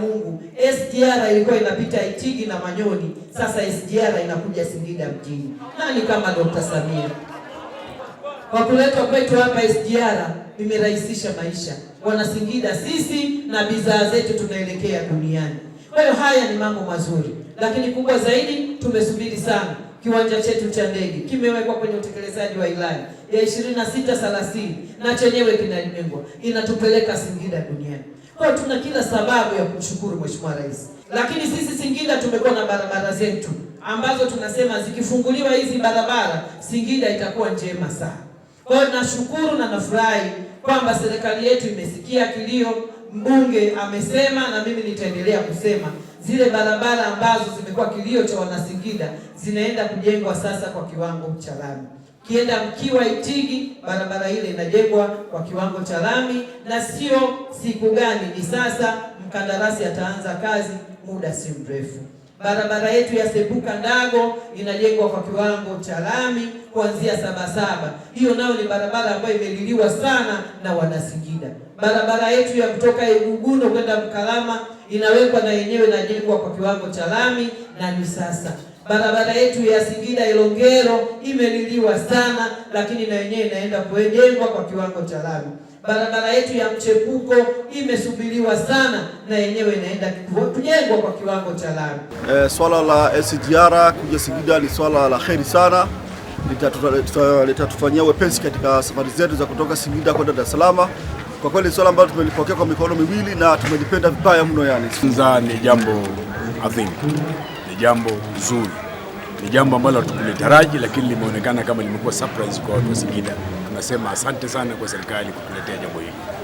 Mungu, SGR ilikuwa inapita Itigi na Manyoni, sasa SGR inakuja Singida mjini. Nani kama Dr. Samia? Kwa kuletwa kwetu hapa SGR imerahisisha maisha Wanasingida sisi na bidhaa zetu tunaelekea duniani. Kwa hiyo haya ni mambo mazuri, lakini kubwa zaidi tumesubiri sana kiwanja chetu cha ndege kimewekwa kwenye utekelezaji wa ilani ya sita 30 na chenyewe kinalengwa inatupeleka Singida duniani. Kwa tuna kila sababu ya kumshukuru Mheshimiwa Rais. Lakini sisi Singida tumekuwa na barabara zetu ambazo tunasema zikifunguliwa hizi barabara Singida itakuwa njema sana. Kwa hiyo nashukuru na nafurahi kwamba serikali yetu imesikia kilio, mbunge amesema na mimi nitaendelea kusema zile barabara ambazo zimekuwa kilio cha wanasingida zinaenda kujengwa sasa kwa kiwango cha lami. Kienda Mkiwa Itigi, barabara ile inajengwa kwa kiwango cha lami, na sio siku gani, ni sasa. Mkandarasi ataanza kazi muda si mrefu. Barabara yetu ya Sepuka Ndago inajengwa kwa kiwango cha lami kuanzia Sabasaba, hiyo nayo ni barabara ambayo imeliliwa sana na Wanasingida. Barabara yetu ya kutoka eguguno kwenda Mkalama inawekwa na yenyewe inajengwa kwa kiwango cha lami na ni sasa barabara yetu ya Singida Ilongero imeliliwa sana, lakini na yenyewe inaenda kujengwa kwa kiwango cha lami. Barabara yetu ya mchepuko imesubiriwa sana, na yenyewe inaenda kujengwa kwa kiwango cha lami. E, swala la SGR kuja Singida ni swala la heri sana, litatufanyia wepesi katika safari zetu za kutoka Singida kwenda Dar es Salaam. Kwa kweli swala ambalo tumelipokea kwa mikono miwili na tumelipenda vibaya mno, yani ni jambo adhimu jambo zuri, ni jambo ambalo hatukulitaraji, lakini limeonekana kama limekuwa surprise kwa watu wa Singida. Tunasema asante sana kwa serikali kutuletea jambo hili.